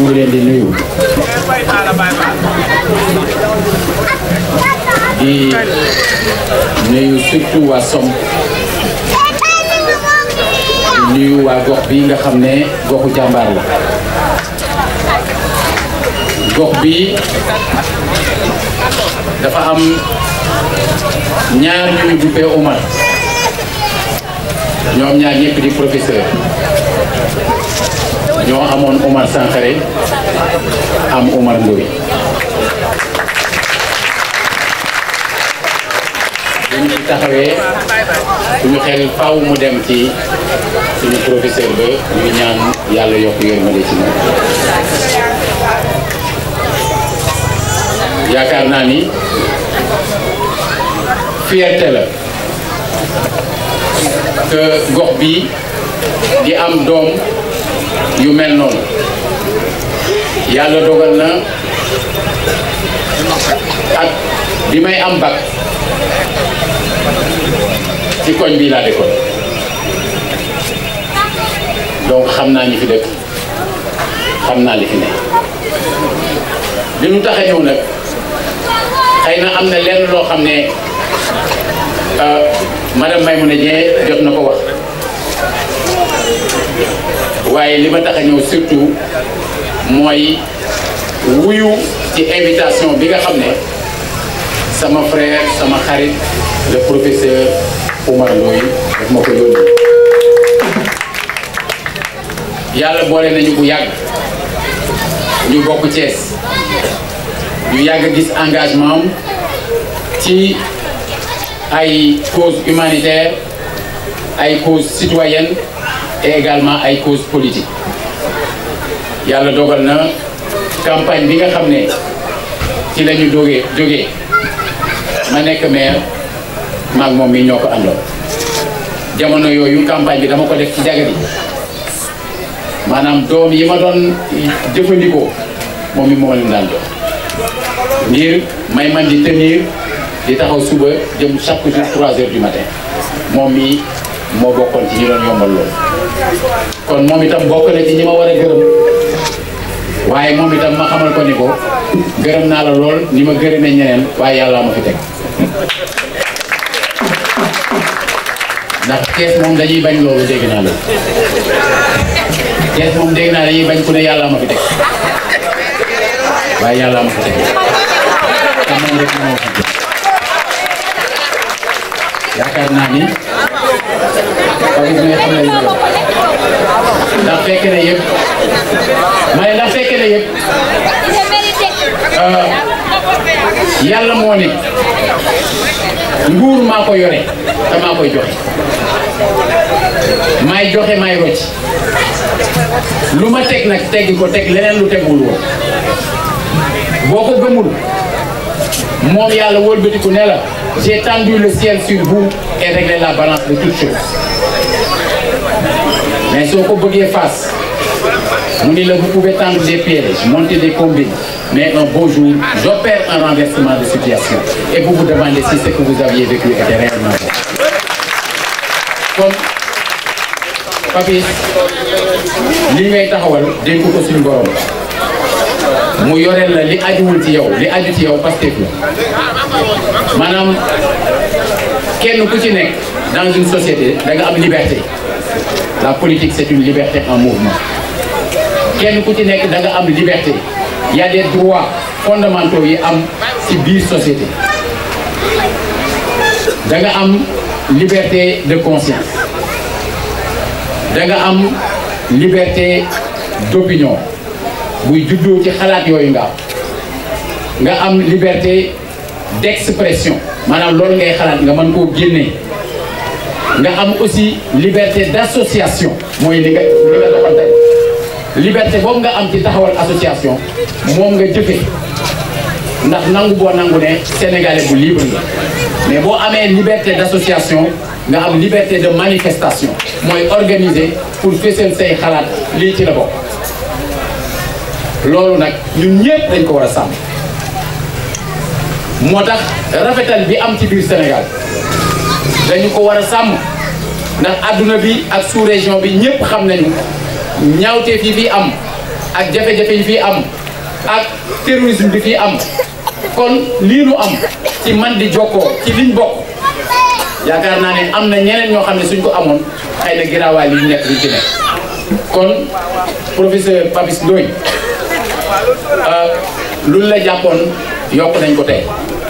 ñu leen di nuyu di nuyu surtout waa Somm di nuyu waa gox bi nga xam ne goxu jàmbaar la gox bi dafa am ñaar ñu ñu duppee Omar ñoom ñaar ñëpp di professeur ñoo amoon Omar Sankhare am Omar Ndoye dañuy taxawee suñu xel faaw mu dem ci suñu professeur ba ñu ñaan yàlla yokk yërmande ci moom yaakaar naa ni fierté la que gox bi di am doom yu mel noonu yàlla dogal na ak bi may am bac ci koñ bii laa dëkkoon donc xam naa ñi fi dëkk xam naa li fi ne li ñu tax a ñëw nag xëy na am na lenn loo xam ne euh, madame Maymouna Dieng jot na ko wax Oui, les ma surtout moi, wuyu ci invitation bi nga xam frère le professeur Omar Ndoye avec mon collègue. Il y boole le bu de ñu nous, ñu engagement cause humanitaire ay cause citoyenne te également ay cause politique yàlla dogal na campagne bi nga xam ne ci lañu ñu jóge ma nekk maire maag moom yi ñoo ko àndoon jamono yooyu campagne bi dama ko def ci jaga maanaam doom yi ma doon jëfandikoo moom mi moo leen daan jox ngir may man di tenir di taxaw suba jëm chaque jour 3 heures du matin moom mi moo bokkoon ci ñi doon yombal kon moom itam bokk na ci ñi ma war a gërëm waaye moom itam ma xamal ko ni ko gërëm naa la lool ni ma gërëmee ñeneen waaye yàlla ma fi teg ndax kees mom dañuy bañ loolu dégg naa loolu kees moom dégg naa dañuy bañ ku ne ma fi ma fi rek fi ni xarit bi nga xam ne fekk na yëpp ma ne ndax fekk na yëpp euh, yàlla moo ne nguur maa ko yore te maa koy joxe maay joxe maay rocc lu ma teg nag teggi ko teg leneen lu tegul woon boo ko gëmul moom yàlla wëlbatiku ne la j'ai tendu ciel sur vous et régler la balance de toutes choses mais si ko bëggee face vous ne vous pouvez tendre des pièges monter des combines mais un beau jour j'opère un renversement de situation et vous vous demandez si ce que vous aviez vécu était réellement bon kon Papis li ngay taxawal dénk ko suñu borom mu yoreel la li ajuwul ci yow li aju ci yow Pastef Madame. madame, kenn nous dans une société da nga liberté la politique c'est une liberté en mouvement kenn ku liberté il y a des droits fondamentaux qui am la société da nga la liberté de conscience da nga une liberté d'opinion Nous y ci une liberté d'expression manam lool ngay xalaat nga man koo génnee nga am aussi liberté d'association mooy li nga li nga doxante liberté boobu nga am ci taxawal association moom nga jëfe ndax nangu boo nangu ne sénégalais bu libre la mais boo amee liberté d'association nga am liberté de manifestation mooy organiser pour fësal say xalaat lii ci la bokk loolu nag ñun ñëpp dañ ko war a sàmm moo tax rafetal bi am ci biir Sénégal dañu ko war a ndax àdduna bi ak sous région bi ñëpp xam nañu ñaawteef yi fii am ak jafe-jafe yi am ak terrorisme bi fii am kon lii nu am ci man di jokkoo ci liñ bokk yaakaar naa ne am na ñeneen ñoo xam ne suñ ko amoon xëy na giraawaay yi nekk di ci nekk kon professeur Papis Ndoye loolu euh, la jàppoon yokk nañ ko tey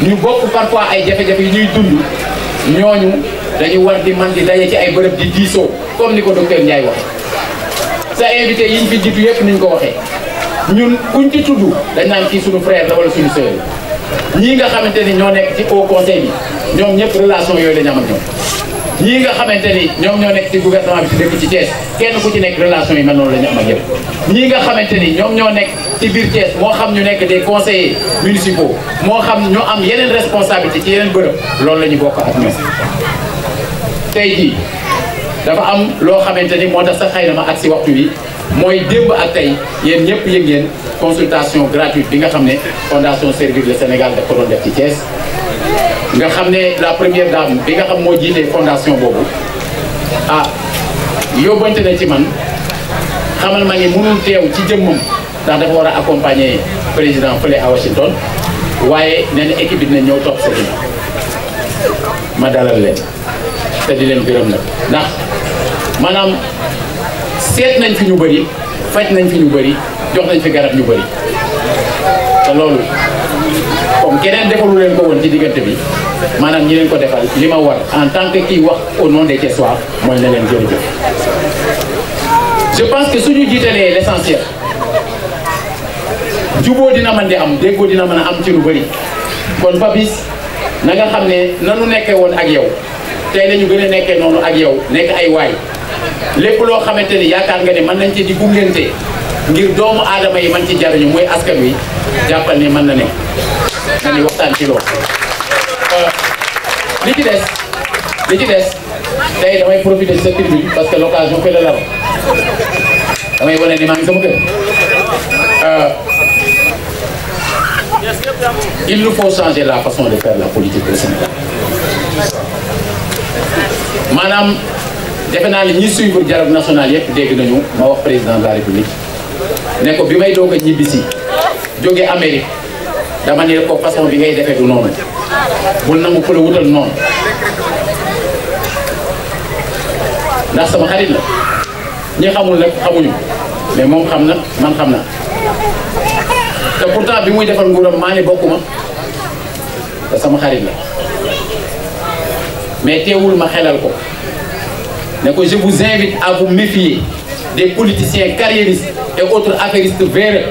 ñu bokk parfois ay jafe-jafe yi ñuy dund ñooñu dañuy war di man di daje ci ay bërëb di diisoo comme ni ko docteur Ndiaye wax sa invité yiñ fi jiitu yëpp niñ ko waxee ñun kuñ ci tudd dañ naan ci suñu frère la wala suñu sœur ñii nga xamante ni ñoo nekk ci au conseil bi ñoom ñëpp relation yooyu la ñu am ak ñoom ñii nga xamante ni ñoom ñoo nekk ci gouvernement bi ci dëkk ci Thiès kenn ku ci nekk relation yi ma noonu la ñu am ak ñii nga xamante ni ñoom ñoo nekk ci biir Thiès moo xam ñu nekk des conseillers municipaux moo xam ñoo am yeneen responsabilité ci yeneen bërëb loolu la ñu bokk ak ñoom tey dafa am loo xamante ni moo tax sa xëy ma ak si waxtu bi mooy démb ak tey yéen ñëpp yëg ngeen consultation gratuite bi nga xam ne fondation Servir le Sénégal de ko doon def nga xam ne la première dame bi nga xam moo jiite fondation boobu ah yóbbante na ci man xamal ma ni mënul teew ci jëmmam ndax dafa war a accompagner président fële à Washington waaye nee na bi dina ñëw topp sa ma dalal leen te di leen gërëm na ndax maanaam seet nañ fi ñu bëri faj nañ fi ñu bëri jox nañ fi garab ñu bëri loolu comme keneen defalu leen ko woon ci diggante bi maanaam ñi leen ko defal li ma war en tant que kii wax au nom des Thiessois mooy na leen jërëjëf je pense que suñu jiitalee l'essentiel juboo dina mën di am déggoo dina mën a am ci lu bëri kon Papis na nga xam ne nanu nekkee woon ak yow tey lañu gën a nekkee noonu ak yow nekk ay waay lépp loo xamante ni yaakaar nga ne mën nañ ci di gungente ngir doomu aadama yi man ci jariñu mooy askan bi jàppal ni mën na ne nañu waxtaan ci loolu li ci des li ci des tey damay profiter de cette tribune parce que l'occasion fait le larron damay wane ni maa ngi sama kër euh, il nous faut changer la façon de faire la politique au Sénégal maanaam defe naa ne ñi suivre dialogue national yëpp dégg nañu ma wax président de la république ne ko bi may doog a ñibbisi jóge Amérique dama manière ko façon bi ngay defee du noonu bul nangu ku la wutal non ndax sama xarit la ñi xamul nak xamuñu mais moom xamna man xamna na te pourtant bi muy defal nguuram ma ne bokuma te sama xarit la mais téwul ma xélal ko ne ko je vous invite à vous méfier des politiciens carriéristes et autres affairistes véreux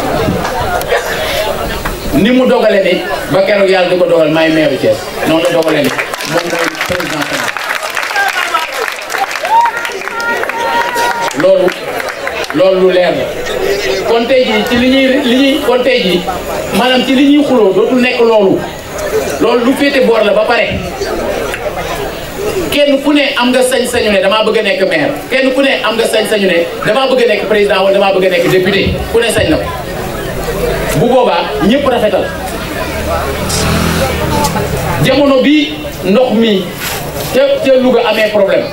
ni mu dogale ni ba keroog yàlla di ko dogal maay meeru Thiès noonu la dogale ni moom mooy président Sénégal loolu loolu lu leer la kon ci li ñuy li ñuy kon tey jii maanaam ci li ñuy xuloo dootul nekk loolu loolu lu féete boor la ba pare kenn ku ne am nga sañ-sañu ne dama bëgg a nekk maire kenn ku ne am nga sañ-sañu ne damaa bëgg a nekk président wal damaa bëgg a nekk député ku ne sañ na bu boobaa ñëpp rafetal jamono bi ndox mi te te Louga amee problème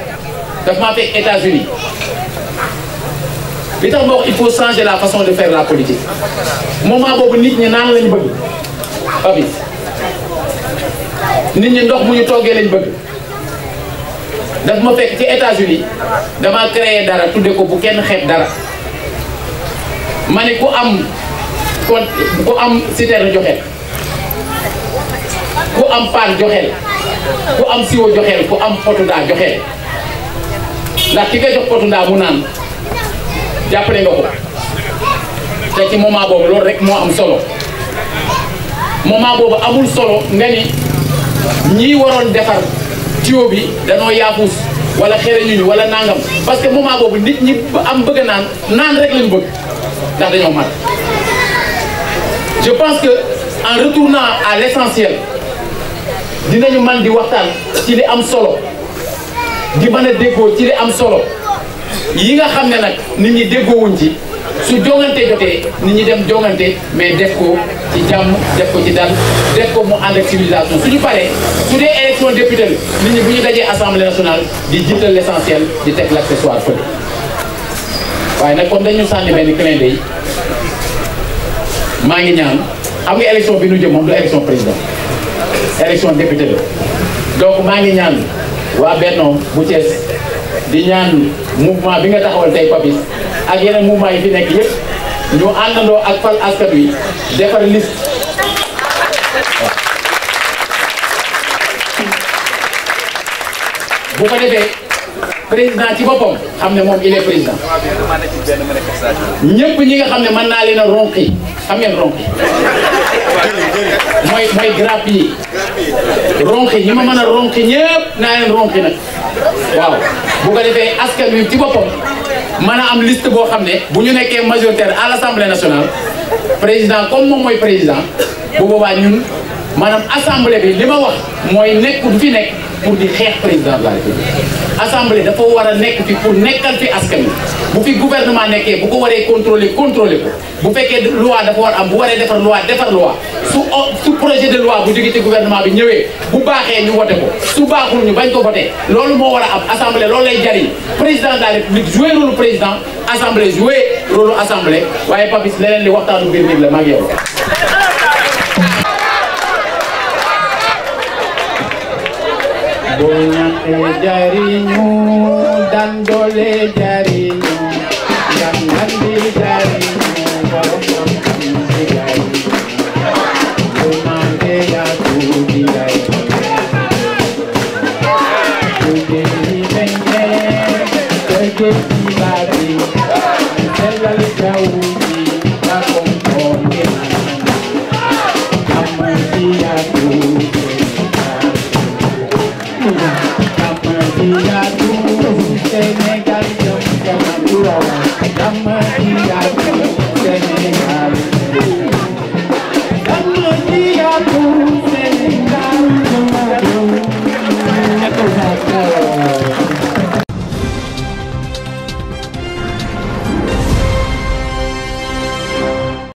daf maa fekk États-Unis li tax ma il faut changer la façon de faire la politique moment boobu nit ñi naan lañu bëgg abi nit ñi ndox mu ñu toggee lañ bëgg daf ma fekk ci États-Unis dama créer dara tudde ko bu kenn xeet dara ma ne ku am kon ku am citerne joxel ku am paan joxel ku am siwo joxel ku am potu ndaa joxel ndax ki nga jox potu mu naan jàppale nga ko te ci moment boobu loolu rek moo am solo moment boobu amul solo nga ni ñii waroon defar tuyau bi danoo yaafuus wala xereñuñu wala nangam parce que moment boobu nit ñi am bëgg naan naan rek lañu bëgg ndax dañoo mat je pense que en retournant à l'essentiel dinañu man di waxtaan ci li am solo di mën a déggoo ci li am solo yi nga xam ne nag nit ñi déggoowuñ ci su jongante jotee nit ñi dem jongante mais def ko ci jàmm def ko ci dal def ko mu ànd ak civilisation suñu paree su dee élection député nit ñi bu ñu dajee assemblée nationale di jiital l'essentiel di teg l'accessoire fële waaye nag comme dañu sànni ni clin yi maa ngi ñaan xam nga élection bi nu jëm moom du élection président élection député la donc maa ngi ñaan waa Benno bu Thiès di ñaan mouvement bi nga taxawal tey Papis ak yeneen mouvement yi fi nekk yëpp ñu àndandoo ak fal askan wi defar liste bu ko defee président ci boppam xam ne il est président ñëpp ñi nga xam ne mën naa leen xam ngeen ronk mooy mooy grappe yi ronk ñi ma mën a ronk ñëpp naa leen ronk nag waaw bu ko defee askan wi ci boppam mën a am liste boo xam ne bu ñu nekkee majoritaire à l'Assemblée nationale président comme moom mooy président bu boobaa ñun maanaam assemblée bi li ma wax mooy nekk du fi nekk pour di xeex président de la République assemblée dafa war a nekk fi pour nekkal fi askan bu fi guvernement nekkee bu ko waree contrôler contrôler ko bu fekkee loi dafa war am bu waree defar loi defar loi su su projet de loi bu jógee ci gouvernement bi ñëwee bu baaxee ñu wote ko su baaxul ñu bañ ko voté loolu moo war a am assemblée loolu lay jariñ président de la république joué rôle président assemblée joué rôle assemblée waaye Papis leneen li waxtaanu biir biir la maa ngi yow Bola ke jarimu dan dole jarimu Jangan dijarimu Kingdom.